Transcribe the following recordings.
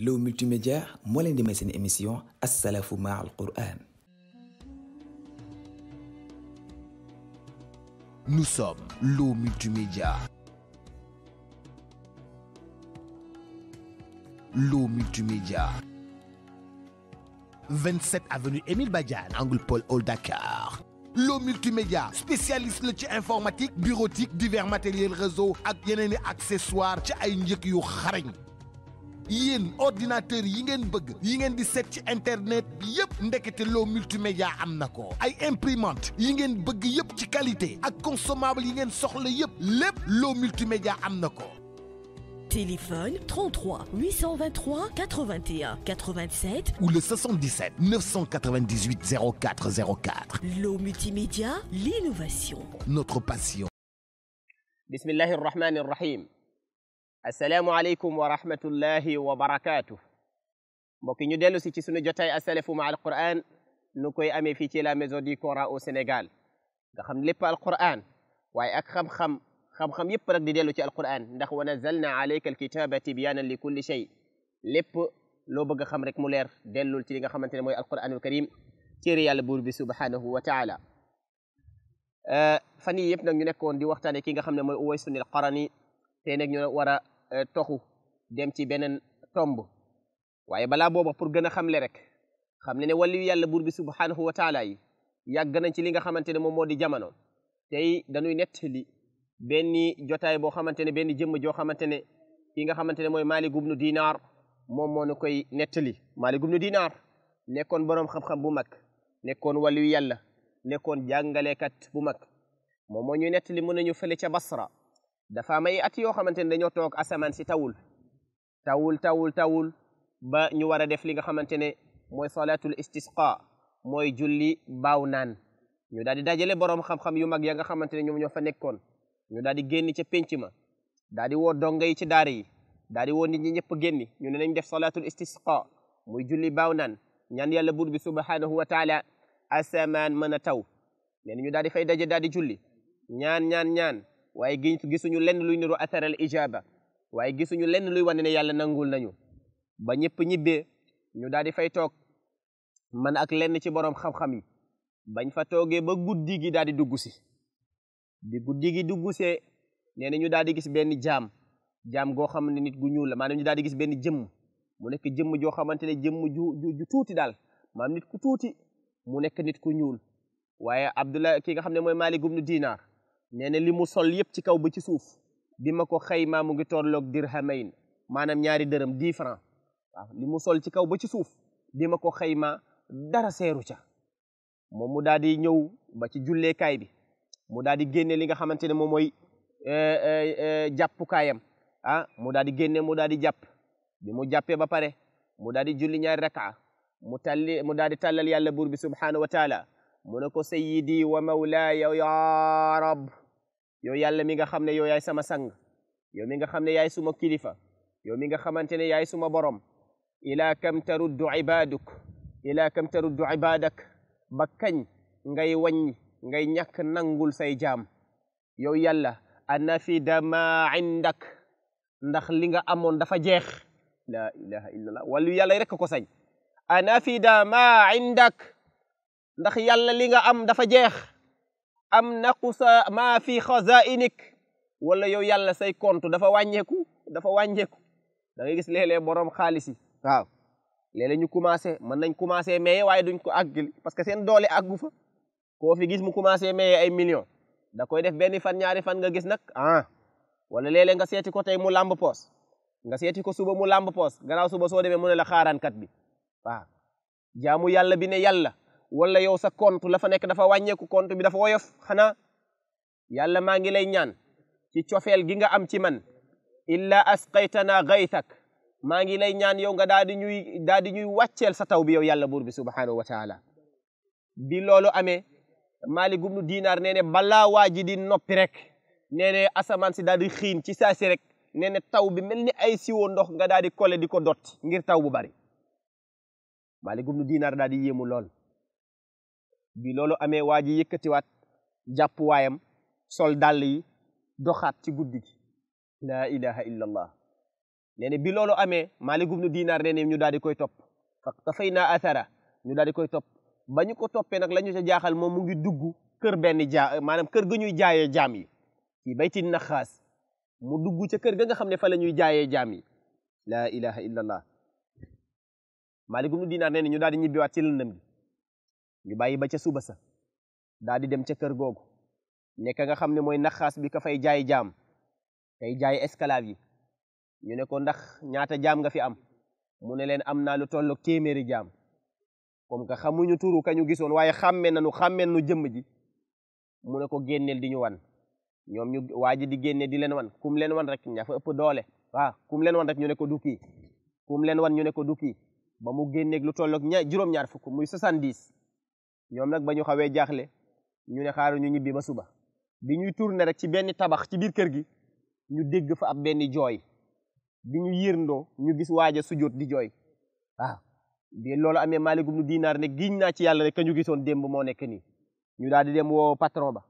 L'eau multimédia moo leen di may émission assalafou ma al Qur'an nous sommes l'eau multimédia l'eau multimédia 27 avenue Émile Badiane angle Paul Hall Dakar L'eau multimédia spécialiste la ci informatique bureautique divers matériel réseau ak yeneen i accessoires ci ay njëkk yu xarañ yéen ordinateur yi ngeen bëgg yi ngeen di set ci internet bi yëpp ndekete loo multimédia am na ko ay imprimante yi ngeen bëgg yëpp ci qualité ak consommable yi ngeen soxla yëpp lépp loo multimédia am na ko Téléphone 33 823 81 87 ou le 77 998 04 04. L'eau multimédia, l'innovation. Notre passion. Bismillahir Rahmanir Rahim. asalaamualeykum wa rahmatullahi wa barakaatu. mbokk ñu dellu si ci sunu jotaay asalafu ma alquran nu koy amee fii ci la maison du Coran au Sénégal nga xam lépp waaye ak xam-xam xam-xam yëpp di dellu ci alquran ndax wa nazalna alayka alkitaba tibyanan li kulli shay lépp loo bëgg a rek mu leer dellul ci li nga xamante ne mooy alquranul karim téere yàlla buur bi subhanahu wa taala euh, fan yii nag ñu nekkoon di waxtaane ki nga ne mooy Uwaysun al Qarani tey a Euh, toxu dem ci beneen tomb waaye balaa booba pour gën a xamle rek xam ne ne waliyu yàlla buur bi subhanahu wa taala yi yàgg nañ ci li nga xamante ne moom moo di jamono tey dañuy nettali benn jotaay boo xamante ne benn jëmm joo xamante ne ki nga xamante ne mooy Maalik ibnu Dinaar moom moo nu koy nettali Maalik ibnu Dinaar nekkoon boroom xam-xam bu mag nekkoon waliyu yàlla nekkoon jàngalekat bu mag moom moo ñuy nettali mën nañu fële ca Basra dafa may ay at yoo xamante ne dañoo toog asamaan si tawul tawul tawul tawul ba ñu war a def li nga xamante ne mooy salatul istisqa mooy julli baaw naan ñu daal di dajale borom xam-xam yu mag ya nga xamante ne ñoom ñoo fa nekkoon ñu daal di génn ca penc ma daal di woo donga yi ci daara yi daal di woo nit ñi ñëpp génn ñu ne nañ def salatul istisqa muy julli baaw naan ñaan yàlla buur bi subhanahu wa taala asamaan mën a taw leen ñu daal di fay daje daal di julli ñaan ñaan ñaan waaye gisuñu lenn luy niru atharal ijaba waaye gisuñu lenn luy wane ne yàlla nangul nañu ba ñëpp ñibbee ñu daal di fay toog man ak lenn ci boroom xam-xam bañ fa toogee ba guddi gi daal di dugg si bi gi dugg see nee ñu daal di gis benn jaam jaam goo xam ne nit gu ñuul la maanaam ñu daal di gis benn jëmm mu nekk jëmm joo xamante ne jëmm ju tuuti daal maanaam nit ku tuuti mu nekk nit ku ñuul waaye Abdullah ki nga xam ne mooy Maalik ibnu Dinaar nee na li mu sol yëpp ci kaw ba ci suuf bi ma ko xaymaa mu ngi tolloog dirhamayn maanaam ñaari dërëm dix francs waaw li mu sol ci kaw ba ci suuf bi ma ko xaymaa dara seeru ca moom mu daal di ñëw ba ci julleekaay bi mu daal di génne li nga xamante ne moom mooy eh, eh, eh, jàppukaayam ah, mu daal di génne mu daal di jàpp bi mu jàppee ba pare mu daal di julli ñaari rakaa mu talli mu daal di tàllal yàlla buur bi mu ne ko sayyidi wa mawlaaya ya rab yow yàlla mi nga xam ne yow yaay sama sang yow mi nga xam ne yaay suma kilifa yow mi nga xamante ne yaay suma borom ila kam taruddu ibaduk ila kam taruddu ibadak ba kañ ngay wañ ngay ñàkk nangul say jaam yow yàlla anafida ma indak ndax li nga amoon dafa jeex la ilaha illallah wàllu yàlla rek ko sañ anafida ma indak ndax yàlla li nga am dafa jeex am naqusa maa fi xazainik wala yow yàlla say compte dafa wàññeeku dafa wàññeeku da ngay gis léeg-léeg borom xaalis yi waaw léeg-léeg ñu commencé mën nañ commencé maye waaye duñ ko àggali parce que seen doole àggu fa koo fi gis mu commencé maye ay million da koy def benn fan ñaari fan nga gis nag ah wala léeg nga seeti ko tey mu làmb poos nga seeti ko suba mu làmb poos gannaaw suba soo demee mu ne la xaaraankat bi waaw jaamu yàlla bi ne yàlla wala yow sa kont lafa nekk dafa wàññeeku compte bi dafa woyof xanaa yàlla maa ngi lay ñaan ci cofeel gi nga am ci man illa asqaytana gaytak maa ngi lay ñaan yow nga daal di ñuy daal di ñuy wàcceel sa taw bi yow yàlla buur bi subhanahu wa taala bi loolu amee Maalik ibnu Dinaar nee ne balaa waa ji di noppi rek asamaan si daal di xiin ci saa si rek nee ne taw bi mel ni ay siwo ndox nga daal di kole di ko dot ngir taw bu bari Maalik ibnu Dinaar daal di yéemu lool bi amee waa ji yëkkatiwaat jàpp waayam sol dàll yi doxaat ci guddi gi laa ilaha illa allah nee ne bi loolu amee Maalik ibnu Dinaar nee ne ñu daal di koy topp faqtafaynaa athara ñu daal di koy topp ba ñu ko toppee nag lañu ci jaaxal moom mu ngi dugg kër benn jaa maanaam kër ga ñuy jaayee jaam yi ci bayti naxaas mu dugg ci kër ga nga xam ne fa la ñuy jaayee jaam yi laa ilaha illa allah Maalik ibnu Dinaar nee ne ñu daal di ñibbiwaat ci lëndëm gi ñu bàyyi ba ca suba sa daal di dem ca kër googu nekk nga xam ne mooy naxaas bi ka fay jaay jaam tey jaay esclave yi ñu ne ko ndax ñaata jaam nga fi am mu ne leen am naa lu tolloog téeméeri jaam xam que xamuñu turu kañu gisoon waaye xàmmee nañu xàmmee nu jëmm ji mu ne ko génneel di ñu wan ñoom ñu waa ji di génne di leen wan kum leen wan rek ña fa doole waaw kum leen wan rek ñu ne ko du kii kum leen wan ñu ne ko du kii ba mu génneeg lu tolloog ña juróom-ñaar fukk muy soixante-dix ñoom nag ba ñu xawee jaaxle ñu ne xaar ñu ñibbi ba suba bi ñuy tourné rek ci benn tabax ci biir kër gi ñu dégg fa ab benn jooy bi ñu yërndoo ñu gis waaja sujjóot di jooy a bi loolu amee Maalik ibnu Dinaar ne giñ naa ci yàlla rek ka ñu gisoon démb moo nekk nii ñu daal di dem woo patron ba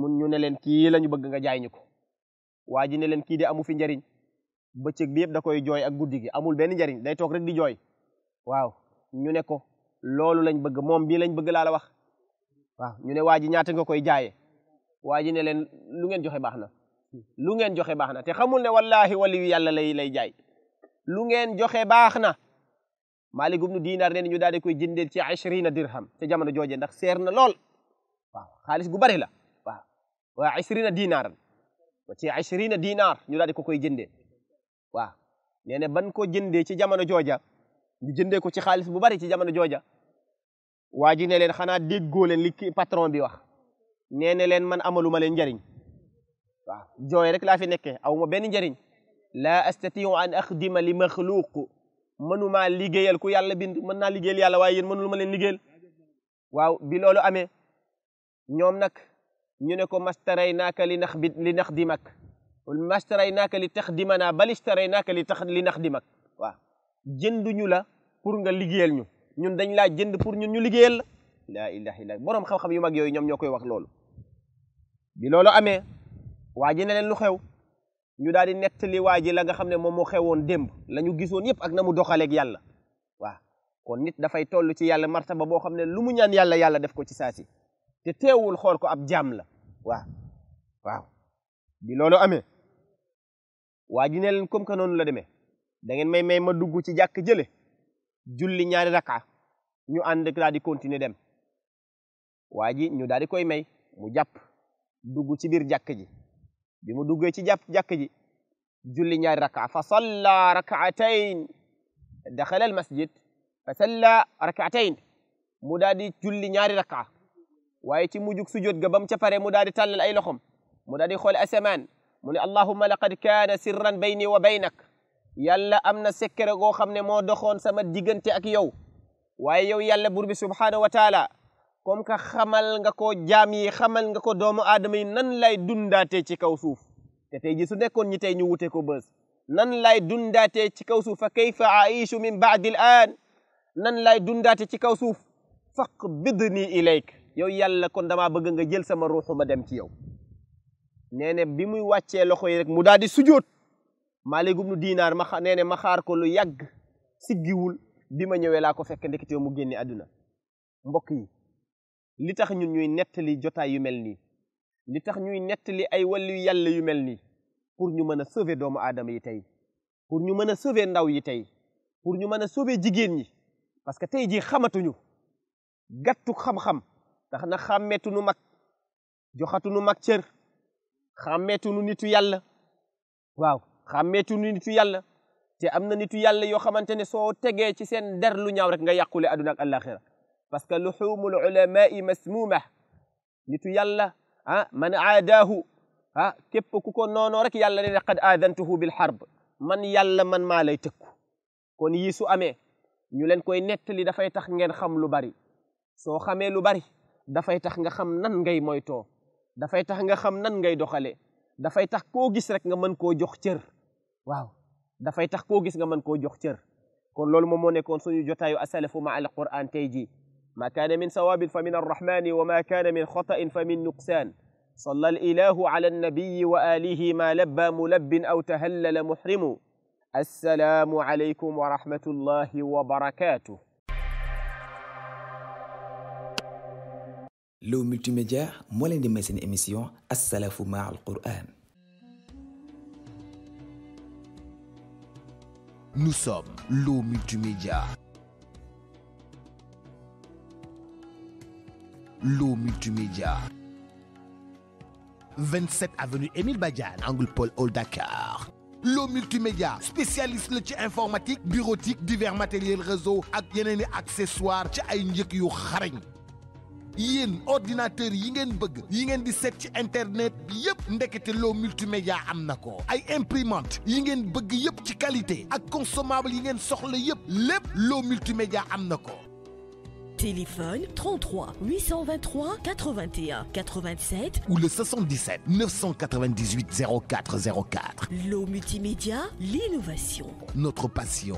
mun ñu ne leen kii la ñu bëgg nga jaay ñu ko waa ji ne leen kii de amu fi njariñ bëccëg bi yëpp da koy jooy ak guddi gi amul benn njariñ day toog rek di jooy waaw ne ko loolu lañ bëgg moom bii lañ bëgg laa wax waaw ñu ne waa ji ñaata nga koy jaaye waa ji ne leen lu ngeen joxe baax na lu ngeen joxe baax na te xamul ne wallahi wali yu yàlla lay lay jaay lu ngeen joxe baax na Maalik ibnu Dinaar nee ñu daal di koy jëndeel ci ashrina dirham te jamono jooje ndax seer na lool waaw xaalis gu bari la waaw waa ashrina dinaar ci ashrina dinaar ñu daal ko koy jëndee waaw nee ban ko jëndee ci jamono jooja ñu jëndee ko ci xaalis bu bari ci jamono jooja waa ji ne leen xanaa déggoo leen li ki patron bi wax ne leen man amaluma leen njariñ waaw jooy rek laa fi nekkee aw ma benn njariñ laa astatiu an axdima li maxluuq mënumaa liggéeyal ku yàlla bind mën naa liggéeyal yàlla waaye yéen mënulu ma leen liggéeyal waaw bi loolu amee ñoom nag ñu ne ko mastaray naaka li nax bi li nax dimak mastaray naaka li tax dimanaa bal istaray naaka li tax li nax dimak waaw jënduñu la pour nga liggéeyal ñu ñun dañ laa jënd pour ñun ñu liggéeyal la laa ilaha illa borom xam-xam yu mag yooyu ñoom ñoo koy wax loolu bi amee waa ji leen lu xew ñu daal di nettali waa ji la nga xam ne moom moo woon démb la ñu gisoon yëpp ak na mu doxaleeg yàlla waaw kon nit dafay toll ci yàlla martaba boo xam ne lu mu ñaan yàlla yàlla def ko ci saasi te teewul xool ko ab jaam la waaw waaw bi amee waa ji ne leen comme que noonu la demee dangeen may may ma dugg ci jàkk jële julli ñaari raka ñu ànd daal di continuer dem waa ji ñu daal di koy may mu jàpp dugg ci biir jàkk ji bi mu duggee ci jàpp jàkk ji julli ñaari raka fa salla rakatayn daxala al masjid fa salla rakatayn mu daal di julli ñaari raka waaye ci mujjug sujjoot ga bam ca pare mu daal di tàllal ay loxom mu daal di xool asamaan mu ne allahumma laqad kaana sirran bayni wa baynak yàlla am na sekkere goo xam ne moo doxoon sama diggante ak yow waaye yow yàlla buur bi subhaanahu wa taala comme que xamal nga ko jaam yi xamal nga ko doomu aadama yi nan lay dundaatee ci kaw suuf te tey ji su nekkoon ñi tey ñu wute ko bës nan lay dundaatee ci kaw suuf fa kayfa aishu min baadi al nan lay dundaate ci kaw suuf faqbidni ilayk yow yàlla kon damaa bëgg nga jël sama ruuxu ma dem ci yow nee bi muy wàccee loxo yi rek mu daal di Maalik ibnu Dinaar ma nee ne ma xaar ko lu yàgg siggiwul bi ma ñëwee laa ko fekk ndekete mu génne àdduna mbokk yi li tax ñun ñuy nettali jotaay yu mel nii li tax ñuy nettali ay wàllu yàlla yu mel nii pour ñu mën a sauver doomu aadama yi tey pour ñu mën a sauver ndaw yi tey pour ñu mën a sauver jigéen ñi parce que tey jii xamatuñu gàttu xam-xam tax na xàmmeetunu mag joxatunu mag cër xàmmeetunu nitu yàlla waaw xàmmeetu nitu yàlla te am na nitu yàlla yoo xamante ne soo tegee ci seen nder lu ñaaw rek nga yàqule aduna ak alaxira parce que luxumul ulamai masmuma nitu yàlla ah man aadaahu ah képp ku ko noonoo rek yàlla ne qad aadantuhu bil harb man yàlla man maa lay tëkku kon yii su amee ñu leen koy nettali dafay tax ngeen xam lu bari soo xamee lu bari dafay tax nga xam nan ngay moytoo dafay tax nga xam nan ngay doxale dafay tax koo gis rek nga mën koo jox cër waaw dafay tax koo gis nga mën koo jox cër kon loolu moom moo nekkoon suñu jotaayu asalafu ma al quran tey jii ma kaana min sawabin fa min arrahmani wa ma kaana min xatain fa min nuqsaan صلى الإله على النبي وآله Nous sommes l'eau multimédia. L'eau multimédia. 27 avenue Émile Badiane, Angle Paul Hall Dakar. L'eau multimédia spécialiste la ci informatique bureautique divers matériel réseau ak yeneen i accessoires ci ay njëkk yo xarañ. yéen ordinateur yi ngeen bëgg yi ngeen di set ci internet bi yëpp ndekete loo multimédia am na ko ay imprimante yi ngeen bëgg yëpp ci qualité ak consommable yi ngeen soxla yëpp lépp loo multimédia am na ko Téléphone 33 823 81 87 ou le 77 998 04 04. L'eau multimédia, l'innovation. Notre passion.